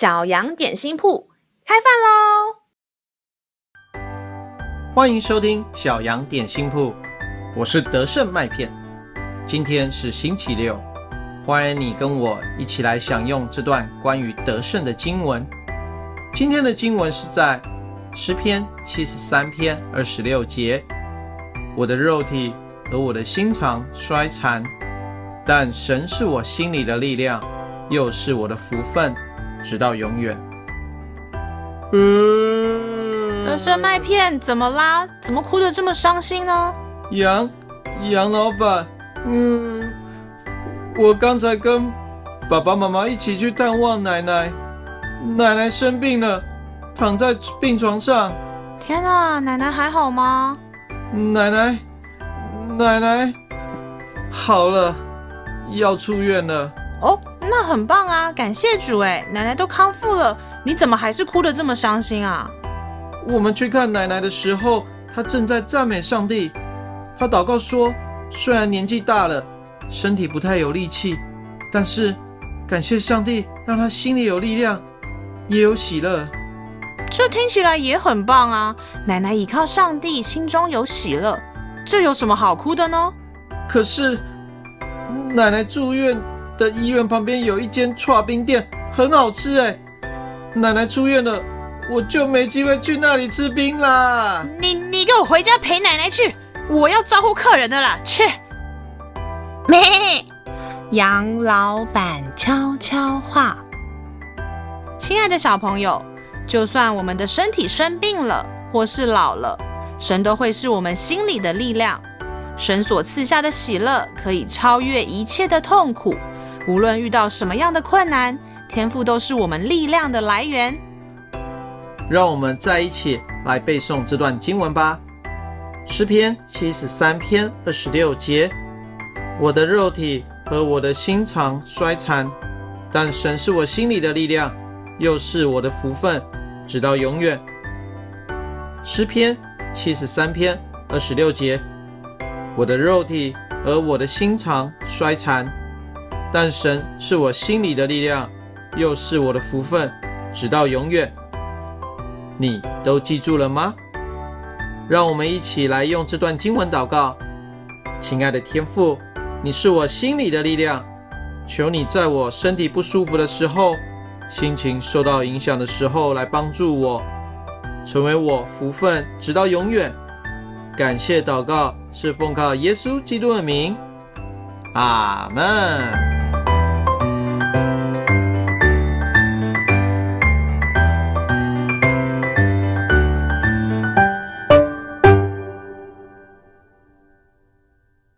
小羊點心鋪開飯嘍！歡迎收聽小羊點心鋪，我是得勝麥片。今天是星期六，歡迎你跟我一起來享用這段關於得勝的經文。今天的經文是在詩篇七十三篇二十六節：“我的肉體和我的心腸衰殘，但神是我心裡的力量，又是我的福分。”直到永遠。嗯。得勝麥片，怎麼啦？怎麼哭得這麼傷心呢？楊，楊老闆，嗯，我剛才跟爸爸媽媽一起去探望奶奶，奶奶生病了，躺在病床上。天哪、啊，奶奶還好嗎？奶奶，奶奶好了，要出院了。哦。那很棒啊，感謝主哎！奶奶都康復了，你怎麼還是哭得這麼傷心啊？我們去看奶奶的時候，她正在讚美上帝，她禱告說：雖然年紀大了，身體不太有力氣，但是感謝上帝，讓她心裡有力量，也有喜樂。這聽起來也很棒啊！奶奶依靠上帝，心中有喜樂，這有什麼好哭的呢？可是奶奶住院。在醫院旁邊有一間剉冰店，很好吃哎。奶奶出院了，我就沒機會去那裡吃冰啦。你你給我回家陪奶奶去，我要招呼客人的啦。去沒楊老闆悄悄話，親愛的小朋友，就算我們的身體生病了，或是老了，神都會是我們心裡的力量。神所賜下的喜樂，可以超越一切的痛苦。無論遇到什麼樣的困難，天父都是我們力量的來源。讓我們在一起來背誦這段經文吧，《詩篇》七十三篇二十六節：我的肉體和我的心腸衰殘，但神是我心裡的力量，又是我的福分，直到永遠。《詩篇》七十三篇二十六節：我的肉體和我的心腸衰殘。但神是我心裡的力量，又是我的福分，直到永遠。你都記住了嗎？讓我們一起來用這段經文禱告。親愛的天父，你是我心裡的力量，求你在我身體不舒服的時候，心情受到影響的時候來幫助我，成為我福分，直到永遠。感謝禱告，是奉靠耶穌基督的名。阿門。